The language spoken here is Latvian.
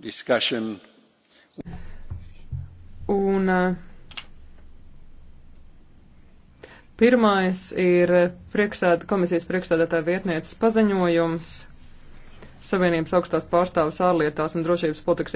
discussion. Un uh, pirmais ir priekšsēd, komisijas priekšsēdētāja vietnieces paziņojums Savienības augstās pārstāvis ārlietās un drošības politikas